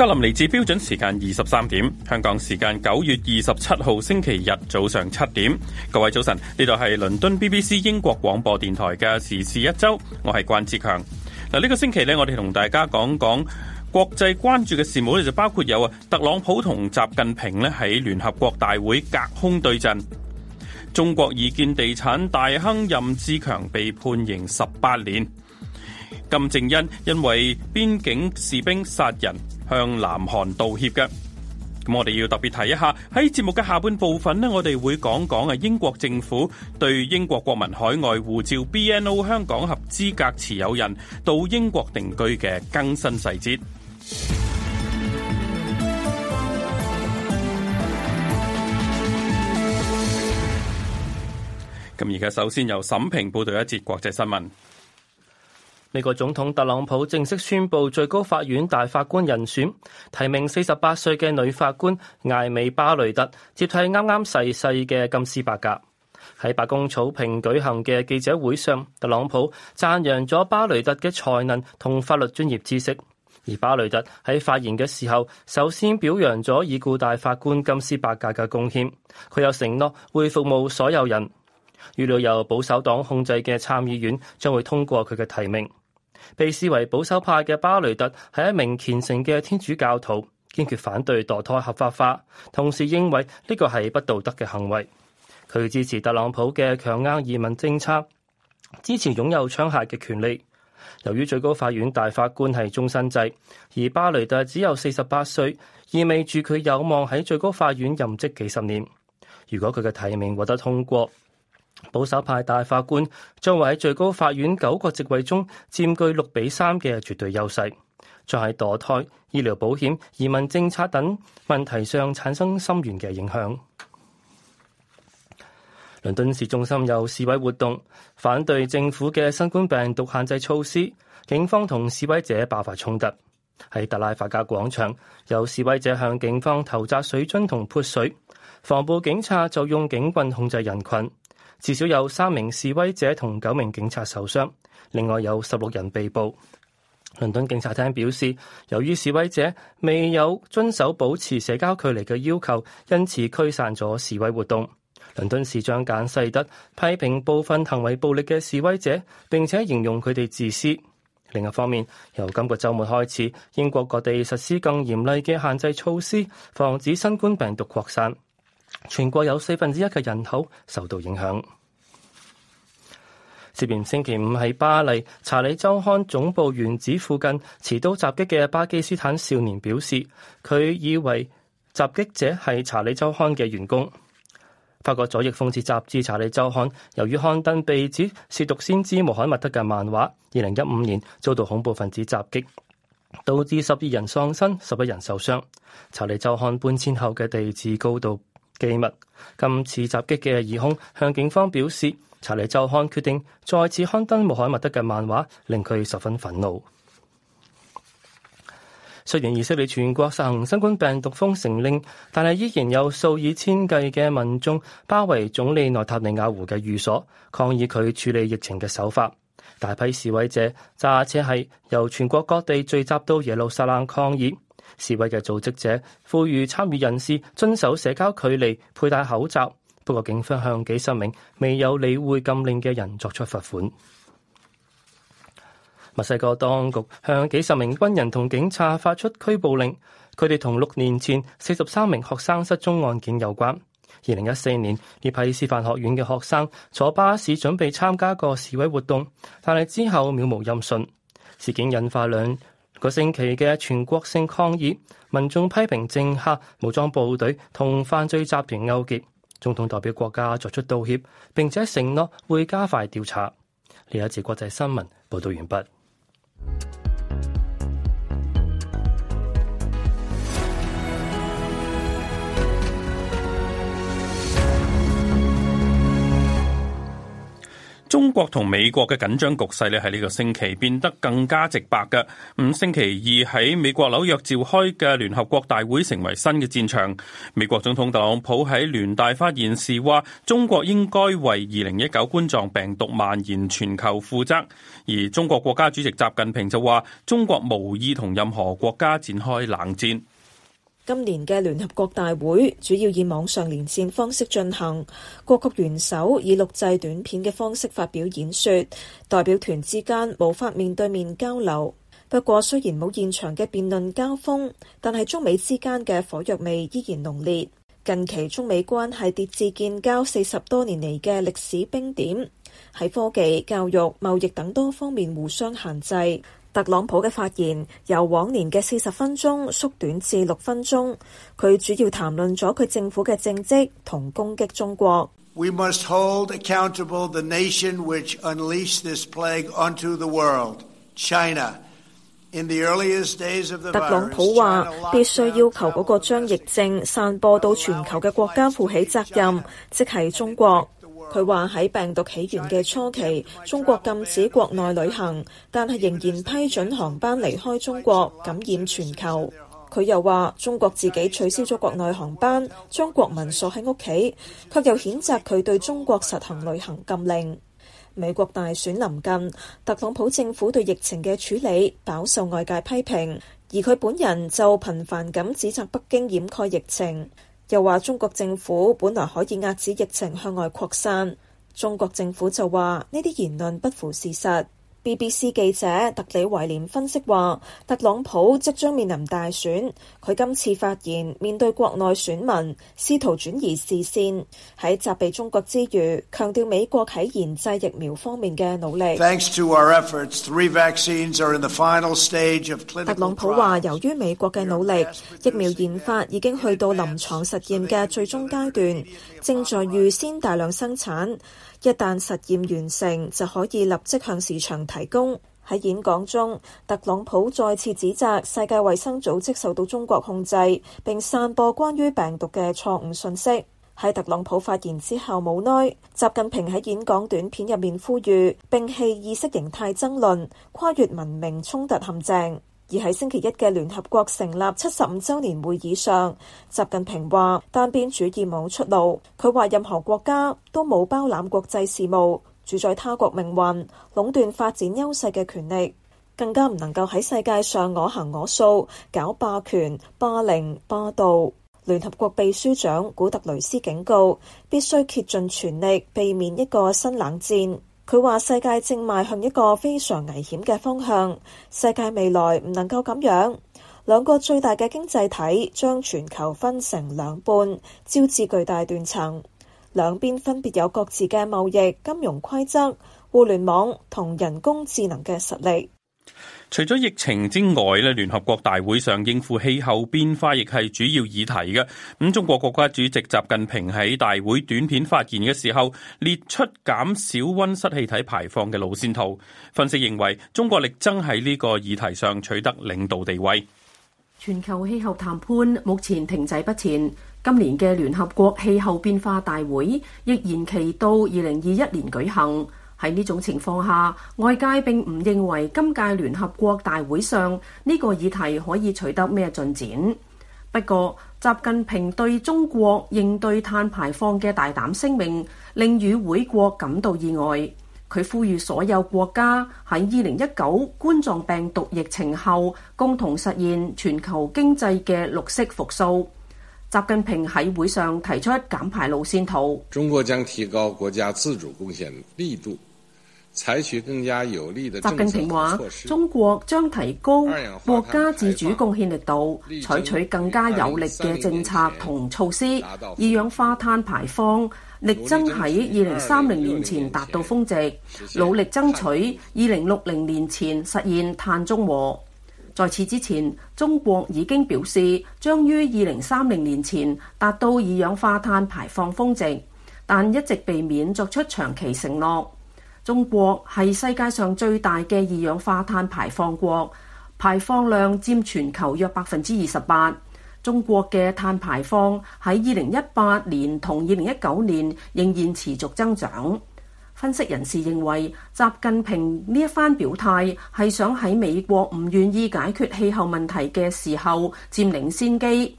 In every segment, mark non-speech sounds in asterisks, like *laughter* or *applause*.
格林嚟自標準時間二十三點，香港時間九月二十七號星期日早上七點。各位早晨，呢度係倫敦 BBC 英國廣播電台嘅時事一周，我係關志強。嗱，呢個星期咧，我哋同大家講講國際關注嘅事務咧，就包括有啊，特朗普同習近平咧喺聯合國大會隔空對陣，中國異見地產大亨任志強被判刑十八年。金正恩因為邊境士兵殺人向南韓道歉嘅，咁我哋要特別提一下喺節目嘅下半部分呢，我哋會講講啊英國政府對英國國民海外護照 BNO 香港合資格持有人到英國定居嘅更新細節。咁而家首先由沈平報道一節國際新聞。美國總統特朗普正式宣佈最高法院大法官人選，提名四十八歲嘅女法官艾美巴雷特接替啱啱逝世嘅金斯伯格。喺白宮草坪舉行嘅記者會上，特朗普讚揚咗巴雷特嘅才能同法律專業知識。而巴雷特喺發言嘅時候，首先表揚咗已故大法官金斯伯格嘅貢獻。佢又承諾會服務所有人。預料由保守黨控制嘅參議院將會通過佢嘅提名。被視為保守派嘅巴雷特係一名虔誠嘅天主教徒，堅決反對墮胎合法化，同時認為呢個係不道德嘅行為。佢支持特朗普嘅強硬移民政策，支持擁有槍械嘅權利。由於最高法院大法官係終身制，而巴雷特只有四十八歲，意味住佢有望喺最高法院任職幾十年。如果佢嘅提名獲得通過，保守派大法官將會喺最高法院九個席位中，佔據六比三嘅絕對優勢，喺墮胎、醫療保險、移民政策等問題上產生深遠嘅影響。倫敦市中心有示威活動，反對政府嘅新冠病毒限制措施，警方同示威者爆發衝突。喺特拉法加廣場，有示威者向警方投擲水樽同潑水，防暴警察就用警棍控制人群。至少有三名示威者同九名警察受傷，另外有十六人被捕。倫敦警察廳表示，由於示威者未有遵守保持社交距離嘅要求，因此驅散咗示威活動。倫敦市長簡世德批評部分行為暴力嘅示威者，並且形容佢哋自私。另一方面，由今個周末開始，英國各地實施更嚴厲嘅限制措施，防止新冠病毒擴散。全國有四分之一嘅人口受到影響。涉嫌星期五喺巴黎查理周刊總部原址附近持刀襲擊嘅巴基斯坦少年表示，佢以為襲擊者係查理周刊嘅員工。法國左翼諷刺雜誌查理周刊，由於刊登被指褻瀆先知穆罕默德嘅漫畫，二零一五年遭到恐怖分子襲擊，導致十二人喪生，十一人受傷。查理周刊搬遷後嘅地址高度機密。今次襲擊嘅疑凶向警方表示，《查理周刊》決定再次刊登穆罕默德嘅漫畫，令佢十分憤怒。雖然以色列全國實行新冠病毒封城令，但係依然有數以千計嘅民眾包圍總理內塔尼亞胡嘅寓所，抗議佢處理疫情嘅手法。大批示威者揸車係由全國各地聚集到耶路撒冷抗議。示威嘅組織者呼籲參與人士遵守社交距離、佩戴口罩。不過，警方向幾十名未有理會禁令嘅人作出罰款。墨西哥當局向幾十名軍人同警察發出拘捕令，佢哋同六年前四十三名學生失蹤案件有關。二零一四年，葉派師範學院嘅學生坐巴士準備參加個示威活動，但係之後渺無音訊。事件引發兩個星期嘅全國性抗議，民眾批評政客、武裝部隊同犯罪集團勾結。總統代表國家作出道歉，並且承諾會加快調查。呢一次國際新聞報道完畢。中國同美國嘅緊張局勢咧喺呢個星期變得更加直白嘅。五星期二喺美國紐約召開嘅聯合國大會成為新嘅戰場。美國總統特朗普喺聯大發言時話：中國應該為二零一九冠狀病毒蔓延全球負責。而中國國家主席習近平就話：中國無意同任何國家展開冷戰。今年嘅聯合國大會主要以網上連線方式進行，各國元首以錄製短片嘅方式發表演說，代表團之間無法面對面交流。不過雖然冇現場嘅辯論交鋒，但係中美之間嘅火藥味依然濃烈。近期中美關係跌至建交四十多年嚟嘅歷史冰點，喺科技、教育、貿易等多方面互相限制。特朗普嘅發言由往年嘅四十分鐘縮短至六分鐘，佢主要談論咗佢政府嘅政績同攻擊中國。We must hold accountable the nation which unleashed this plague onto the world, China. In the earliest days of the virus, 特朗普話，必須要求嗰個將疫症散播到全球嘅國家負起責任，即係中國。佢話喺病毒起源嘅初期，中國禁止國內旅行，但係仍然批准航班離開中國，感染全球。佢又話中國自己取消咗國內航班，將國民鎖喺屋企，卻又譴責佢對中國實行旅行禁令。美國大選臨近，特朗普政府對疫情嘅處理飽受外界批評，而佢本人就頻繁咁指責北京掩蓋疫情。又話中國政府本來可以遏止疫情向外擴散，中國政府就話呢啲言論不符事實。BBC 記者特里維廉分析話，特朗普即將面臨大選，佢今次發言面對國內選民，試圖轉移視線。喺責備中國之餘，強調美國喺研製疫苗方面嘅努力。Thanks to our efforts, three vaccines are in the final stage of clinical trials. 特朗普話，由於美國嘅努力，疫苗研發已經去到臨床實驗嘅最終階段，正在預先大量生產。一旦實驗完成，就可以立即向市場提供。喺演講中，特朗普再次指責世界衛生組織受到中國控制，並散播關於病毒嘅錯誤信息。喺特朗普發言之後冇耐，習近平喺演講短片入面呼籲摒棄意識形態爭論，跨越文明衝突陷阱。而喺星期一嘅聯合國成立七十五周年會議上，習近平話單邊主義冇出路。佢話任何國家都冇包攬國際事務，主宰他國命運、壟斷發展優勢嘅權力，更加唔能夠喺世界上我行我素，搞霸權、霸凌、霸道。聯合國秘書長古特雷斯警告，必須竭盡全力避免一個新冷戰。佢話：世界正邁向一個非常危險嘅方向，世界未來唔能夠咁樣。兩個最大嘅經濟體將全球分成兩半，招致巨大斷層。兩邊分別有各自嘅貿易、金融規則、互聯網同人工智能嘅實力。除咗疫情之外咧，聯合國大會上應付氣候變化亦係主要議題嘅。咁中國國家主席習近平喺大會短片發言嘅時候，列出減少溫室氣體排放嘅路線圖。分析認為，中國力爭喺呢個議題上取得領導地位。全球氣候談判目前停滯不前，今年嘅聯合國氣候變化大會亦延期到二零二一年舉行。喺呢種情況下，外界並唔認為今屆聯合國大會上呢個議題可以取得咩進展。不過，習近平對中國應對碳排放嘅大膽聲明，令與會國感到意外。佢呼籲所有國家喺二零一九冠狀病毒疫情後，共同實現全球經濟嘅綠色復甦。習近平喺會上提出減排路線圖，中國將提高國家自主貢獻力度。習近平話：中國將提高國家自主貢獻力度，採取更加有力嘅政策同措施，二氧化碳排放力爭喺二零三零年前達到峰值，努力爭取二零六零年前實現碳中和。在此之前，中國已經表示將於二零三零年前達到二氧化碳排放峰值，但一直避免作出長期承諾。中國係世界上最大嘅二氧化碳排放國，排放量佔全球約百分之二十八。中國嘅碳排放喺二零一八年同二零一九年仍然持續增長。分析人士認為，習近平呢一番表態係想喺美國唔願意解決氣候問題嘅時候佔領先機。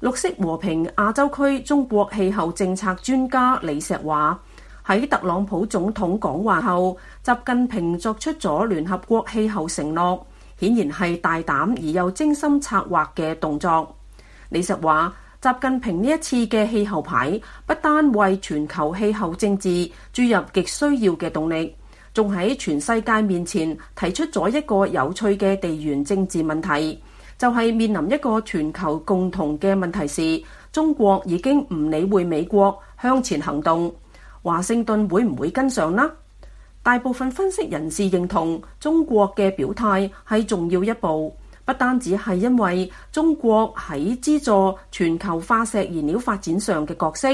綠色和平亞洲區中國氣候政策專家李石話。喺特朗普總統講話後，習近平作出咗聯合國氣候承諾，顯然係大膽而又精心策劃嘅動作。李實話，習近平呢一次嘅氣候牌不單為全球氣候政治注入極需要嘅動力，仲喺全世界面前提出咗一個有趣嘅地緣政治問題，就係、是、面臨一個全球共同嘅問題時，中國已經唔理會美國向前行動。華盛頓會唔會跟上呢？大部分分析人士認同中國嘅表態係重要一步，不單止係因為中國喺資助全球化石燃料發展上嘅角色。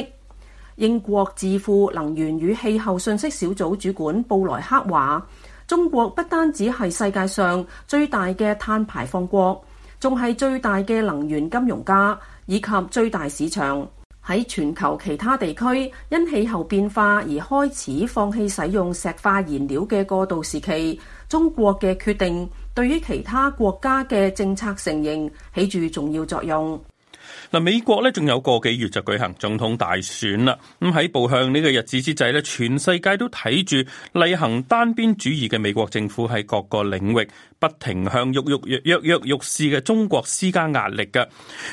英國智庫能源與氣候信息小組主管布萊克話，中國不單止係世界上最大嘅碳排放國，仲係最大嘅能源金融家，以及最大市場。喺全球其他地區，因氣候變化而開始放棄使用石化燃料嘅過渡時期，中國嘅決定對於其他國家嘅政策成形起著重要作用。嗱，美國咧仲有個幾月就舉行總統大選啦。咁喺步向呢個日子之際咧，全世界都睇住厲行單邊主義嘅美國政府喺各個領域不停向郁郁躍躍躍欲試嘅中國施加壓力㗎。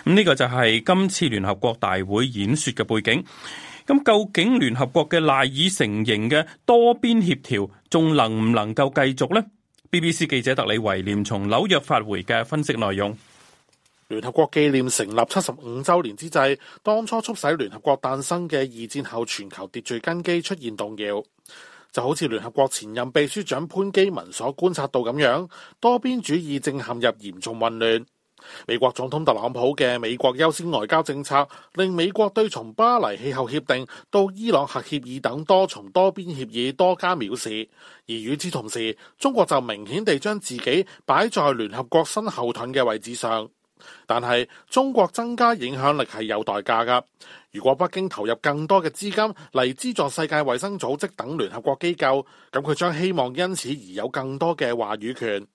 咁呢個就係今次聯合國大會演說嘅背景。咁究竟聯合國嘅賴以成形嘅多邊協調仲能唔能夠繼續呢？BBC 記者特里維廉從紐約發回嘅分析內容。聯合國紀念成立七十五周年之際，當初促使聯合國誕生嘅二戰後全球秩序根基出現動搖，就好似聯合國前任秘書長潘基文所觀察到咁樣，多邊主義正陷入嚴重混亂。美國總統特朗普嘅美國優先外交政策，令美國對從巴黎氣候協定到伊朗核協議等多重多邊協議多加藐視，而與此同時，中國就明顯地將自己擺在聯合國身後盾嘅位置上。但係中國增加影響力係有代價㗎。如果北京投入更多嘅資金嚟資助世界衛生組織等聯合國機構，咁佢將希望因此而有更多嘅話語權。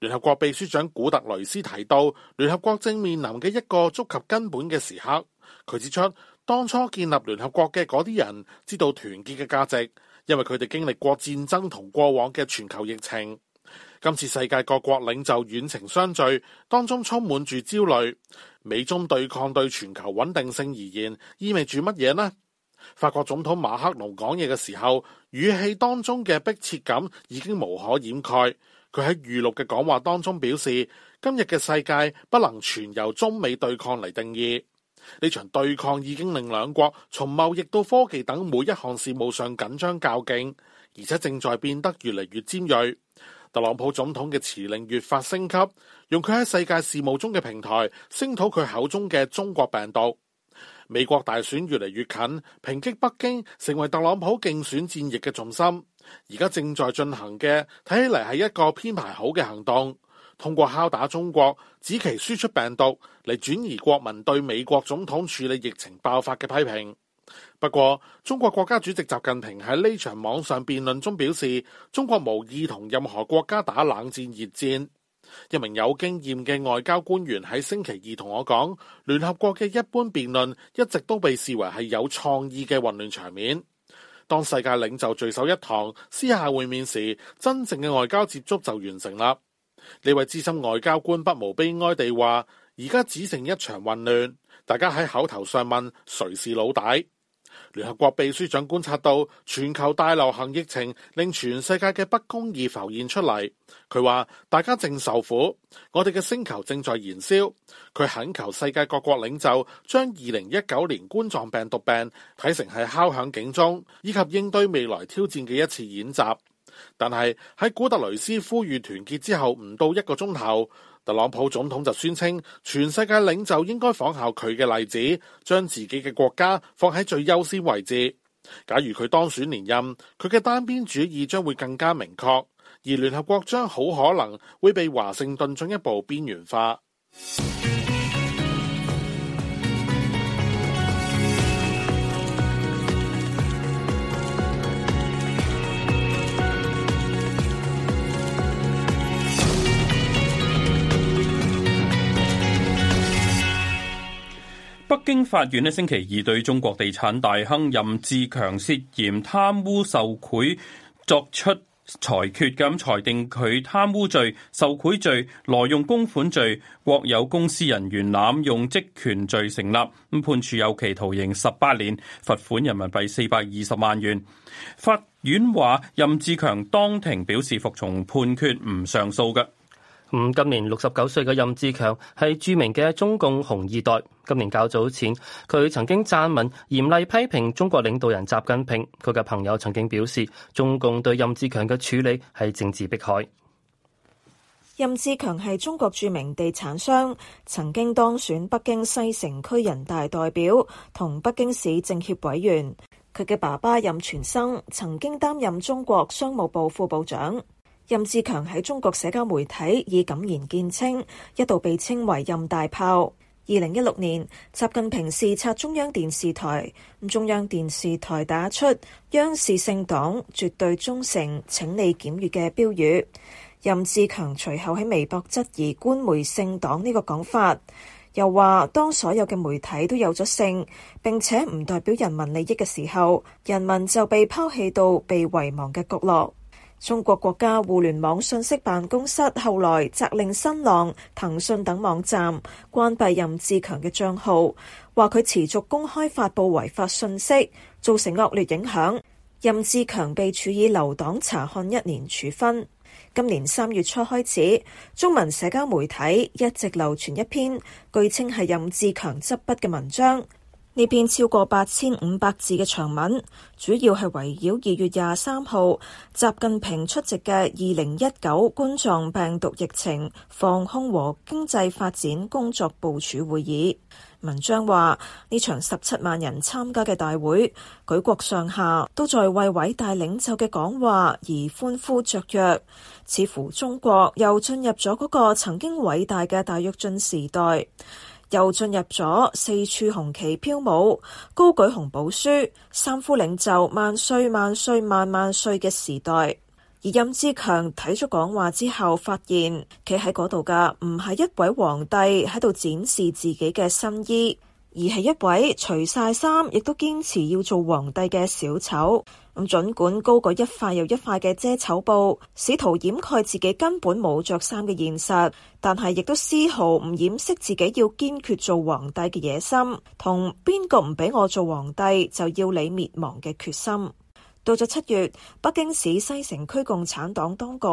聯合國秘書長古特雷斯提到，聯合國正面臨嘅一個觸及根本嘅時刻。佢指出，當初建立聯合國嘅嗰啲人知道團結嘅價值，因為佢哋經歷過戰爭同過往嘅全球疫情。今次世界各國領袖遠程相聚，當中充滿住焦慮。美中對抗對全球穩定性而言，意味住乜嘢呢？法國總統馬克龍講嘢嘅時候，語氣當中嘅迫切感已經無可掩蓋。佢喺預錄嘅講話當中表示，今日嘅世界不能全由中美對抗嚟定義。呢場對抗已經令兩國從貿易到科技等每一項事務上緊張較勁，而且正在變得越嚟越尖銳。特朗普總統嘅辭令越發升級，用佢喺世界事務中嘅平台聲討佢口中嘅中國病毒。美國大選越嚟越近，抨擊北京成為特朗普競選戰役嘅重心。而家正在進行嘅，睇起嚟係一個編排好嘅行動，通過敲打中國，指其輸出病毒嚟轉移國民對美國總統處理疫情爆發嘅批評。不過，中國國家主席習近平喺呢場網上辯論中表示，中國無意同任何國家打冷戰、熱戰。一名有經驗嘅外交官員喺星期二同我講，聯合國嘅一般辯論一直都被視為係有創意嘅混亂場面。當世界領袖聚首一堂，私下會面時，真正嘅外交接觸就完成啦。呢位資深外交官不無悲哀地話：而家只剩一場混亂，大家喺口頭上問，誰是老大？聯合國秘書長觀察到全球大流行疫情令全世界嘅不公義浮現出嚟。佢話，大家正受苦，我哋嘅星球正在燃燒。佢懇求世界各國領袖將二零一九年冠狀病毒病睇成係敲響警鐘，以及應對未來挑戰嘅一次演習。但係喺古特雷斯呼籲團結之後，唔到一個鐘頭。特朗普總統就宣稱，全世界領袖應該仿效佢嘅例子，將自己嘅國家放喺最優先位置。假如佢當選連任，佢嘅單邊主義將會更加明確，而聯合國將好可能會被華盛頓進一步邊緣化。北京法院呢星期二對中國地產大亨任志強涉嫌貪污受賄作出裁決，咁裁定佢貪污罪、受賄罪、挪用公款罪、國有公司人員濫用職權罪成立，判處有期徒刑十八年，罰款人民幣四百二十萬元。法院話，任志強當庭表示服從判決，唔上訴嘅。咁今年六十九歲嘅任志強係著名嘅中共紅二代。今年較早前，佢曾經撰文嚴厲批評中國領導人習近平。佢嘅朋友曾經表示，中共對任志強嘅處理係政治迫害。任志強係中國著名地產商，曾經當選北京西城區人大代表同北京市政協委員。佢嘅爸爸任全生曾經擔任中國商務部副部長。任志強喺中國社交媒體以敢言見稱，一度被稱為任大炮。二零一六年，習近平視察中央電視台，中央電視台打出“央視姓黨，絕對忠誠，請你檢閱”嘅標語。任志強隨後喺微博質疑官媒姓黨呢個講法，又話當所有嘅媒體都有咗姓，並且唔代表人民利益嘅時候，人民就被拋棄到被遺忘嘅角落。中國國家互聯網信息辦公室後來責令新浪、騰訊等網站關閉任志強嘅賬號，話佢持續公開發佈違法信息，造成惡劣影響。任志強被處以留黨察看一年處分。今年三月初開始，中文社交媒體一直流傳一篇據稱係任志強執筆嘅文章。呢篇超過八千五百字嘅長文，主要係圍繞二月廿三號習近平出席嘅二零一九冠狀病毒疫情防控和經濟發展工作部署會議。文章話，呢場十七萬人參加嘅大會，舉國上下都在為偉大領袖嘅講話而歡呼雀躍，似乎中國又進入咗嗰個曾經偉大嘅大躍進時代。又進入咗四處紅旗飄舞、高舉紅寶書、三呼領袖萬歲萬歲萬萬歲嘅時代。而任志強睇咗講話之後，發現企喺嗰度嘅唔係一位皇帝喺度展示自己嘅新衣，而係一位除晒衫亦都堅持要做皇帝嘅小丑。咁盡管高過一塊又一塊嘅遮醜布，試圖掩蓋自己根本冇着衫嘅現實，但係亦都絲毫唔掩飾自己要堅決做皇帝嘅野心，同邊個唔俾我做皇帝就要你滅亡嘅決心。到咗七月，北京市西城區共產黨當局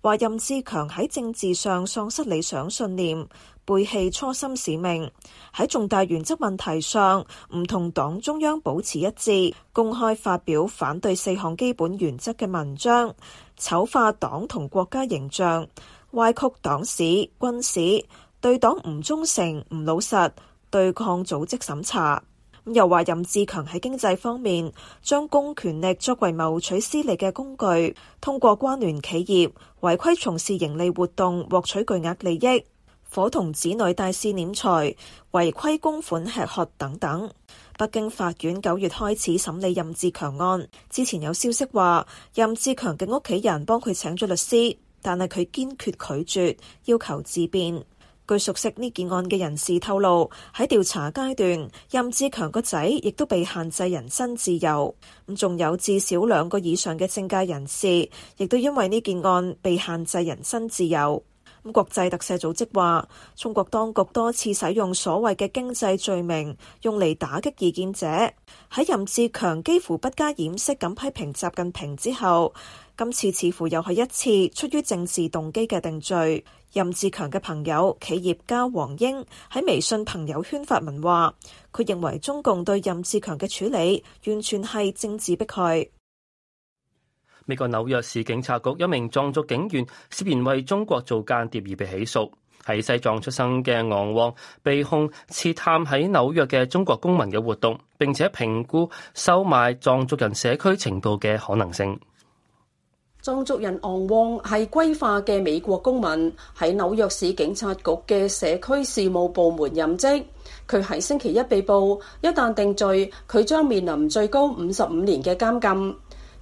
話任志強喺政治上喪失理想信念。背棄初心使命，喺重大原則問題上唔同黨中央保持一致，公開發表反對四項基本原則嘅文章，醜化黨同國家形象，歪曲黨史、軍史，對黨唔忠誠、唔老實，對抗組織審查。又話任志強喺經濟方面將公權力作為謀取私利嘅工具，通過關聯企業違規從事盈利活動，獲取巨額利益。夥同子女大肆斂財、違規公款吃喝等等。北京法院九月開始審理任志強案。之前有消息話，任志強嘅屋企人幫佢請咗律師，但係佢堅決拒絕要求自辯。據熟悉呢件案嘅人士透露，喺調查階段，任志強個仔亦都被限制人身自由。咁仲有至少兩個以上嘅政界人士，亦都因為呢件案被限制人身自由。咁國際特赦組織話，中國當局多次使用所謂嘅經濟罪名，用嚟打擊異見者。喺任志強幾乎不加掩飾咁批評習近平之後，今次似乎又係一次出於政治動機嘅定罪。任志強嘅朋友、企業家黃英喺微信朋友圈發文話，佢認為中共對任志強嘅處理完全係政治迫害。美國紐約市警察局一名藏族警員涉嫌為中國做間諜而被起訴，喺西藏出生嘅昂旺被控刺探喺紐約嘅中國公民嘅活動，並且評估收買藏族人社區情報嘅可能性。藏族人昂旺係歸化嘅美國公民，喺紐約市警察局嘅社區事務部門任職。佢喺星期一被捕，一旦定罪，佢將面臨最高五十五年嘅監禁。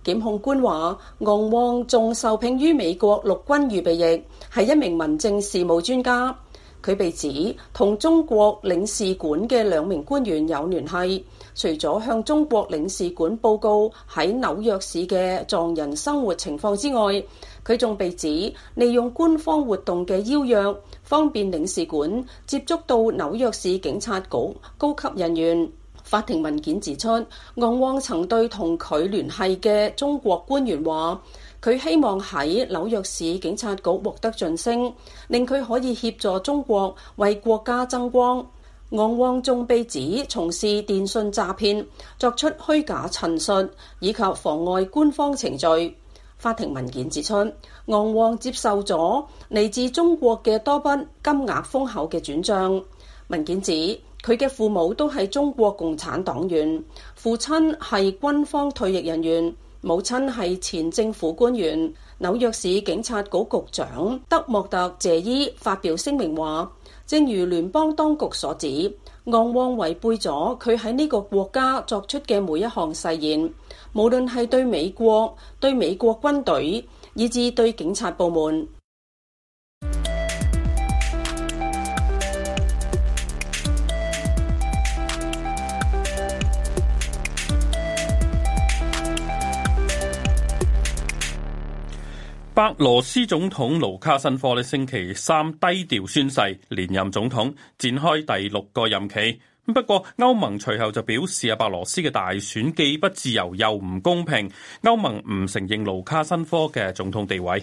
檢控官話：昂旺仲受聘於美國陸軍預備役，係一名民政事務專家。佢被指同中國領事館嘅兩名官員有聯繫。除咗向中國領事館報告喺紐約市嘅藏人生活情況之外，佢仲被指利用官方活動嘅邀約，方便領事館接觸到紐約市警察局高級人員。法庭文件指出，昂旺曾對同佢聯繫嘅中國官員話，佢希望喺紐約市警察局獲得晉升，令佢可以協助中國為國家爭光。昂旺仲被指從事電信詐騙，作出虛假陳述以及妨礙官方程序。法庭文件指出，昂旺接受咗嚟自中國嘅多筆金額豐厚嘅轉賬。文件指，佢嘅父母都係中國共產黨員，父親係軍方退役人員，母親係前政府官員。紐約市警察局局長德莫特謝伊發表聲明話，正如聯邦當局所指，昂旺違背咗佢喺呢個國家作出嘅每一項誓言，無論係對美國、對美國軍隊，以至對警察部門。白羅斯總統盧卡申科呢星期三低調宣誓連任總統展開第六個任期，不過歐盟隨後就表示阿白羅斯嘅大選既不自由又唔公平，歐盟唔承認盧卡申科嘅總統地位。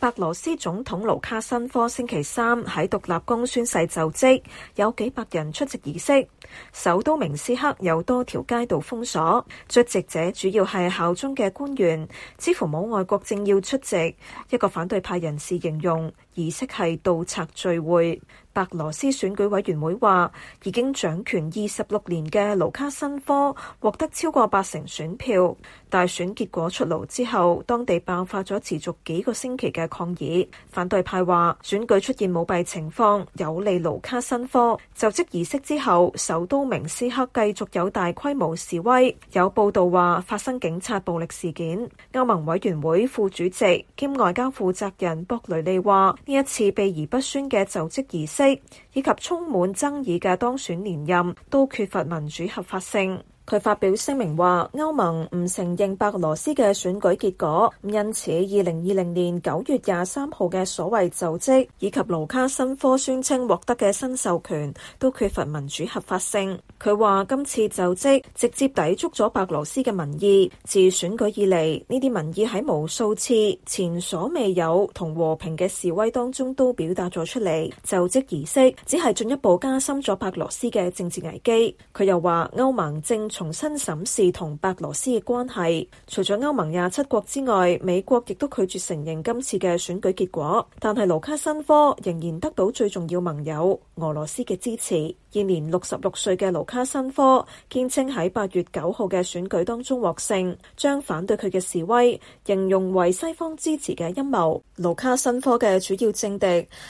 白羅斯總統盧卡申科星期三喺獨立宮宣誓就職，有幾百人出席儀式。首都明斯克有多條街道封鎖，出席者主要係效忠嘅官員，幾乎冇外國政要出席。一個反對派人士形容儀式係盜賊聚會。白羅斯選舉委員會話，已經掌權二十六年嘅盧卡申科獲得超過八成選票。大選結果出爐之後，當地爆發咗持續幾個星期嘅抗議。反對派話選舉出現舞弊情況，有利盧卡申科。就職儀式之後，首都明斯克繼續有大規模示威。有報道話發生警察暴力事件。歐盟委員會副主席兼外交負責人博雷利話：呢一次秘而不宣嘅就職儀式，以及充滿爭議嘅當選連任，都缺乏民主合法性。佢發表聲明話，歐盟唔承認白羅斯嘅選舉結果，因此二零二零年九月廿三號嘅所謂就職，以及盧卡申科宣稱獲得嘅新授權都缺乏民主合法性。佢話今次就職直接抵觸咗白羅斯嘅民意，自選舉以嚟呢啲民意喺無數次前所未有同和、和平嘅示威當中都表達咗出嚟。就職儀式只係進一步加深咗白羅斯嘅政治危機。佢又話歐盟正。重新審視同白羅斯嘅關係，除咗歐盟廿七國之外，美國亦都拒絕承認今次嘅選舉結果。但係盧卡申科仍然得到最重要盟友俄羅斯嘅支持。現年六十六歲嘅盧卡申科堅稱喺八月九號嘅選舉當中獲勝，將反對佢嘅示威形容為西方支持嘅陰謀。盧卡申科嘅主要政敵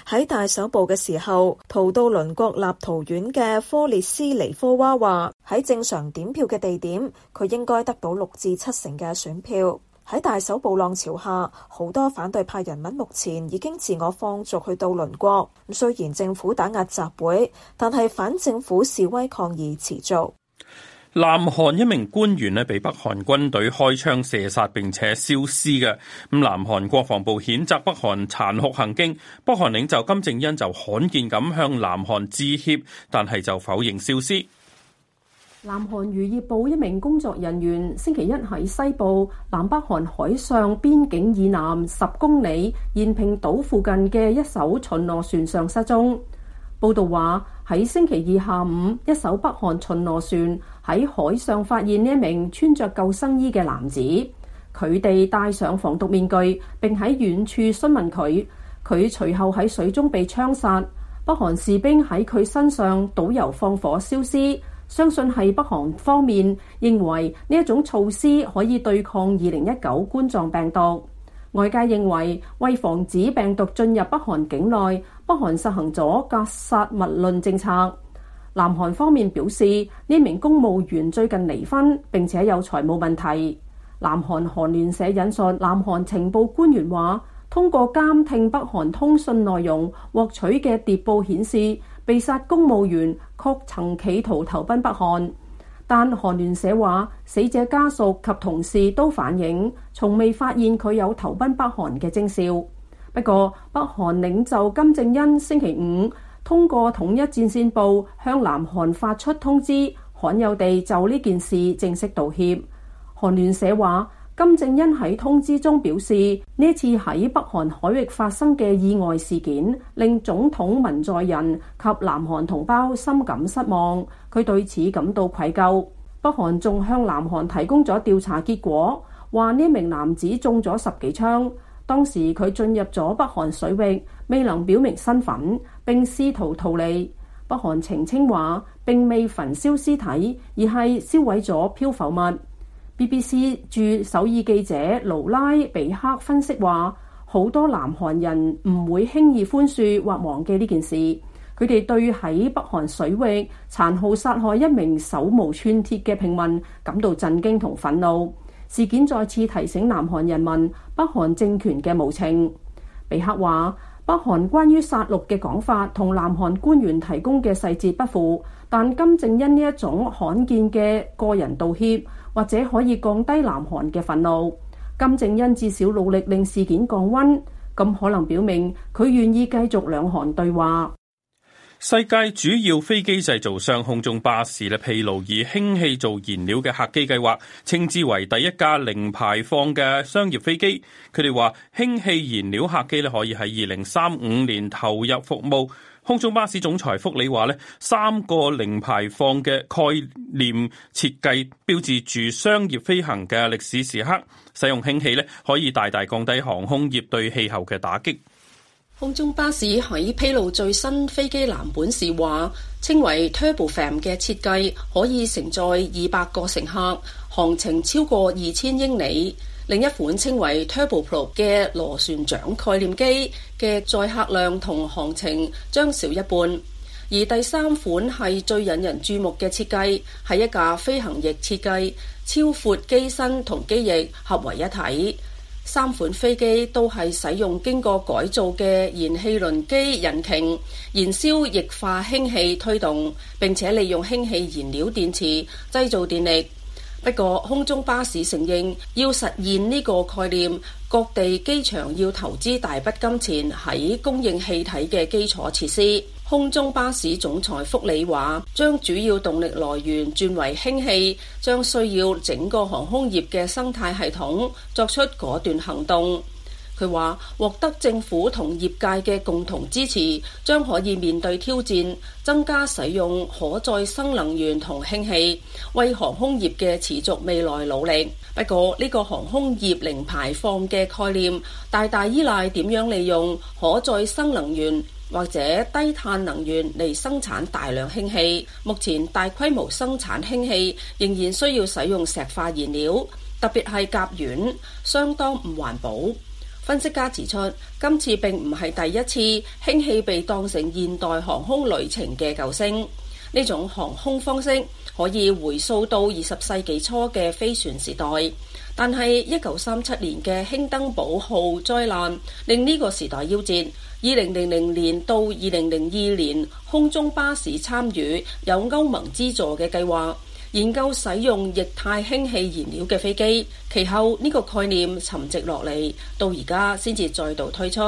喺大搜捕嘅時候，逃到鄰國立陶宛嘅科列斯尼科娃話：喺正常點票嘅地點，佢應該得到六至七成嘅選票。喺大搜捕浪潮下，好多反對派人物目前已經自我放逐去到鄰國。雖然政府打壓集會，但係反政府示威抗議持續。南韓一名官員呢被北韓軍隊開槍射殺，並且消失嘅。咁南韓國防部譴責北韓殘酷行徑，北韓領袖金正恩就罕見咁向南韓致歉，但係就否認消失。南韓漁業部一名工作人員星期一喺西部南北韓海上邊境以南十公里延平島附近嘅一艘巡邏船上失蹤。報道話喺星期二下午，一艘北韓巡邏船喺海上發現呢一名穿着救生衣嘅男子。佢哋戴上防毒面具，並喺遠處詢問佢。佢隨後喺水中被槍殺。北韓士兵喺佢身上倒油放火燒屍。相信係北韓方面認為呢一種措施可以對抗二零一九冠狀病毒。外界認為為防止病毒進入北韓境內，北韓實行咗格殺勿論政策。南韓方面表示，呢名公務員最近離婚並且有財務問題。南韓韓聯社引述南韓情報官員話，通過監聽北韓通訊內容獲取嘅諜報顯示，被殺公務員確曾企圖投奔北韓，但韓聯社話，死者家屬及同事都反映，從未發現佢有投奔北韓嘅徵兆。不過，北韓領袖金正恩星期五通過統一戰線部向南韓發出通知，罕有地就呢件事正式道歉。韓聯社話。金正恩喺通知中表示，呢次喺北韓海域發生嘅意外事件，令總統文在寅及南韓同胞深感失望。佢對此感到愧疚。北韓仲向南韓提供咗調查結果，話呢名男子中咗十幾槍，當時佢進入咗北韓水域，未能表明身份並試圖逃離。北韓澄清話並未焚燒屍體，而係銷毀咗漂浮物。BBC 駐首爾記者勞拉·比克分析話：好多南韓人唔會輕易寬恕或忘記呢件事。佢哋對喺北韓水域殘酷殺害一名手無寸鐵嘅平民感到震驚同憤怒。事件再次提醒南韓人民北韓政權嘅無情。比克話：北韓關於殺戮嘅講法同南韓官員提供嘅細節不符，但金正恩呢一種罕見嘅個人道歉。或者可以降低南韓嘅憤怒。金正恩至少努力令事件降溫，咁可能表明佢願意繼續兩韓對話。世界主要飛機製造商空中巴士咧披露，以氫氣做燃料嘅客機計劃，稱之為第一架零排放嘅商業飛機。佢哋話，氫氣燃料客機咧可以喺二零三五年投入服務。空中巴士總裁福利話咧，三個零排放嘅概念設計，標誌住商業飛行嘅歷史時刻。使用氫氣咧，可以大大降低航空業對氣候嘅打擊。空中巴士喺披露最新飛機藍本時話，稱為 Turbofan 嘅設計可以承載二百個乘客，航程超過二千英里。另一款稱為 Turbo Pro 嘅螺旋槳概念機嘅載客量同航程將少一半，而第三款係最引人注目嘅設計，係一架飛行翼設計，超闊機身同機翼合為一體。三款飛機都係使用經過改造嘅燃氣輪機引擎，燃燒液化氫氣推動，並且利用氫氣燃料電池製造電力。不過，空中巴士承認要實現呢個概念，各地機場要投資大筆金錢喺供應氣體嘅基礎設施。空中巴士總裁福里話，將主要動力來源轉為氫氣，將需要整個航空業嘅生態系統作出果斷行動。佢話：獲得政府同業界嘅共同支持，將可以面對挑戰，增加使用可再生能源同氫氣，為航空業嘅持續未來努力。不過，呢個航空業零排放嘅概念大大依賴點樣利用可再生能源或者低碳能源嚟生產大量氫氣。目前大規模生產氫氣仍然需要使用石化燃料，特別係甲烷，相當唔環保。分析家指出，今次並唔係第一次氫氣被當成現代航空旅程嘅救星。呢種航空方式可以回溯到二十世紀初嘅飛船時代，但係一九三七年嘅興登堡號災難令呢個時代夭折。二零零零年到二零零二年，空中巴士參與有歐盟資助嘅計劃。研究使用液態氫氣燃料嘅飛機，其後呢個概念沉寂落嚟，到而家先至再度推出。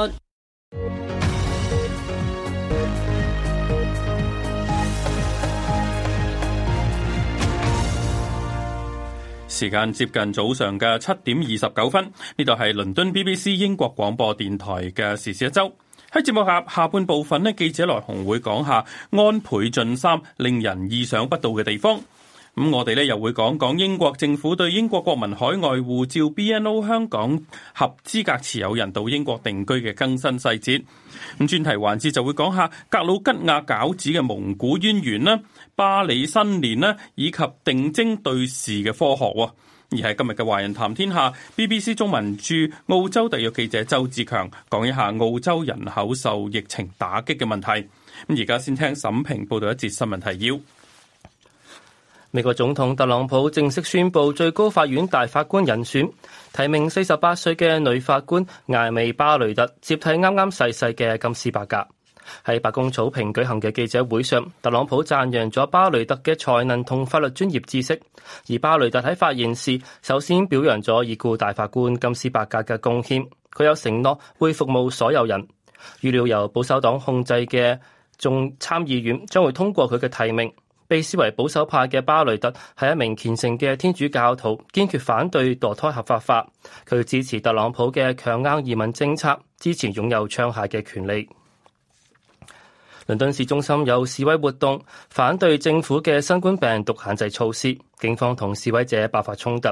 時間接近早上嘅七點二十九分，呢度係倫敦 BBC 英國廣播電台嘅時事一周喺節目下下半部分咧，記者來鴻會講下安倍晉三令人意想不到嘅地方。咁、嗯、我哋咧又會講講英國政府對英國國民海外護照 BNO 香港合資格持有人到英國定居嘅更新細節。咁、嗯、專題環節就會講下格魯吉亞餃子嘅蒙古淵源啦、峇里新年啦，以及定睛對視嘅科學。而係今日嘅華人談天下，BBC 中文駐澳洲特約記者周志強講一下澳洲人口受疫情打擊嘅問題。咁而家先聽沈平報道一節新聞提要。美國總統特朗普正式宣佈最高法院大法官人選，提名四十八歲嘅女法官艾薇·巴雷特接替啱啱逝世嘅金斯伯格。喺白宮草坪舉行嘅記者會上，特朗普讚揚咗巴雷特嘅才能同法律專業知識。而巴雷特喺發言時，首先表揚咗已故大法官金斯伯格嘅貢獻。佢有承諾會服務所有人。預料由保守黨控制嘅眾參議院將會通過佢嘅提名。被視為保守派嘅巴雷特係一名虔誠嘅天主教徒，堅決反對墮胎合法化。佢支持特朗普嘅強硬移民政策，支持擁有槍械嘅權利。倫敦市中心有示威活動，反對政府嘅新冠病毒限制措施。警方同示威者爆發衝突。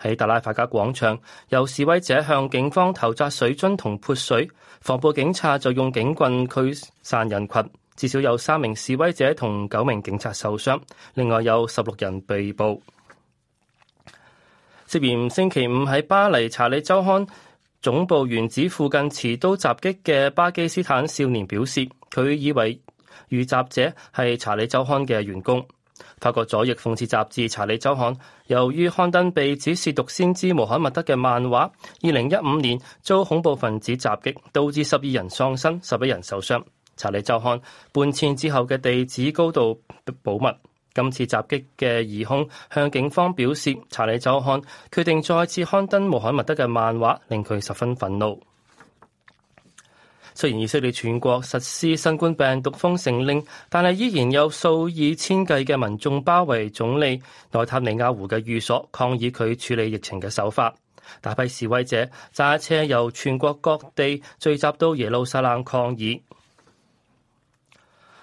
喺特拉法加廣場，有示威者向警方投擲水樽同潑水，防暴警察就用警棍驅散人群。至少有三名示威者同九名警察受傷，另外有十六人被捕。涉嫌星期五喺巴黎查理周刊總部原址附近持刀襲擊嘅巴基斯坦少年表示，佢以為遇襲者係查理周刊嘅員工。法國左翼諷刺雜誌查理周刊，由於刊登被指褻瀆先知穆罕默德嘅漫畫，二零一五年遭恐怖分子襲擊，導致十二人喪生，十一人受傷。《查理周刊》搬遷之後嘅地址高度保密。今次襲擊嘅疑凶向警方表示，《查理周刊》決定再次刊登穆罕默德嘅漫畫令佢十分憤怒。雖然以色列全國實施新冠病毒封城令，但係依然有數以千計嘅民眾包圍總理內塔尼亞胡嘅寓所，抗議佢處理疫情嘅手法。大批示威者揸車由全國各地聚集到耶路撒冷抗議。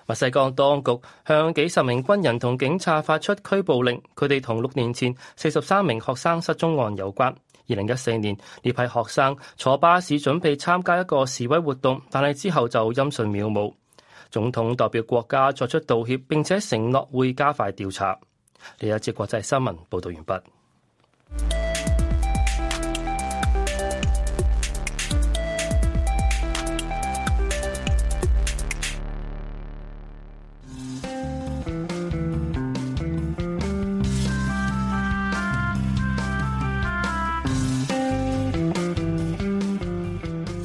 墨西哥當局向幾十名軍人同警察發出拘捕令，佢哋同六年前四十三名學生失蹤案有關。二零一四年，呢批學生坐巴士準備參加一個示威活動，但係之後就音訊渺無。總統代表國家作出道歉，並且承諾會加快調查。呢一節國際新聞報道完畢。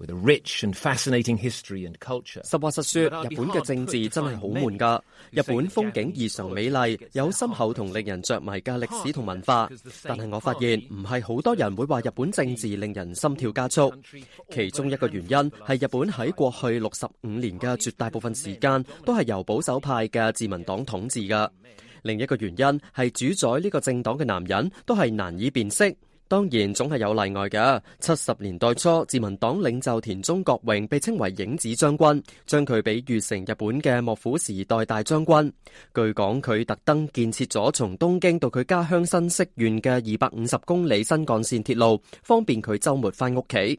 With a rich and fascinating history and culture. 實話實說，日本嘅政治真係好悶噶。日本風景異常美麗，有深厚同令人着迷嘅歷史同文化。但係我發現，唔係好多人會話日本政治令人心跳加速。其中一個原因係日本喺過去六十五年嘅絕大部分時間都係由保守派嘅自民黨統治㗎。另一個原因係主宰呢個政黨嘅男人都係難以辨識。當然總係有例外嘅。七十年代初，自民黨領袖田中角榮被稱為影子將軍，將佢比喻成日本嘅幕府時代大將軍。據講，佢特登建設咗從東京到佢家鄉新潟縣嘅二百五十公里新幹線鐵路，方便佢周末翻屋企。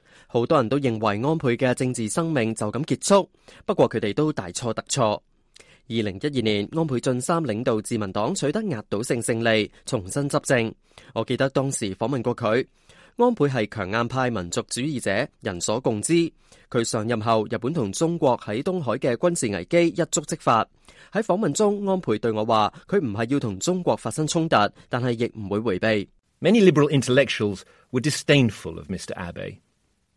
好多人都認為安倍嘅政治生命就咁結束，不過佢哋都大錯特錯。二零一二年，安倍晉三領導自民黨取得壓倒性勝利，重新執政。我記得當時訪問過佢，安倍係強硬派民族主義者，人所共知。佢上任後，日本同中國喺東海嘅軍事危機一觸即發。喺訪問中，安倍對我話：佢唔係要同中國發生衝突，但係亦唔會迴避。Many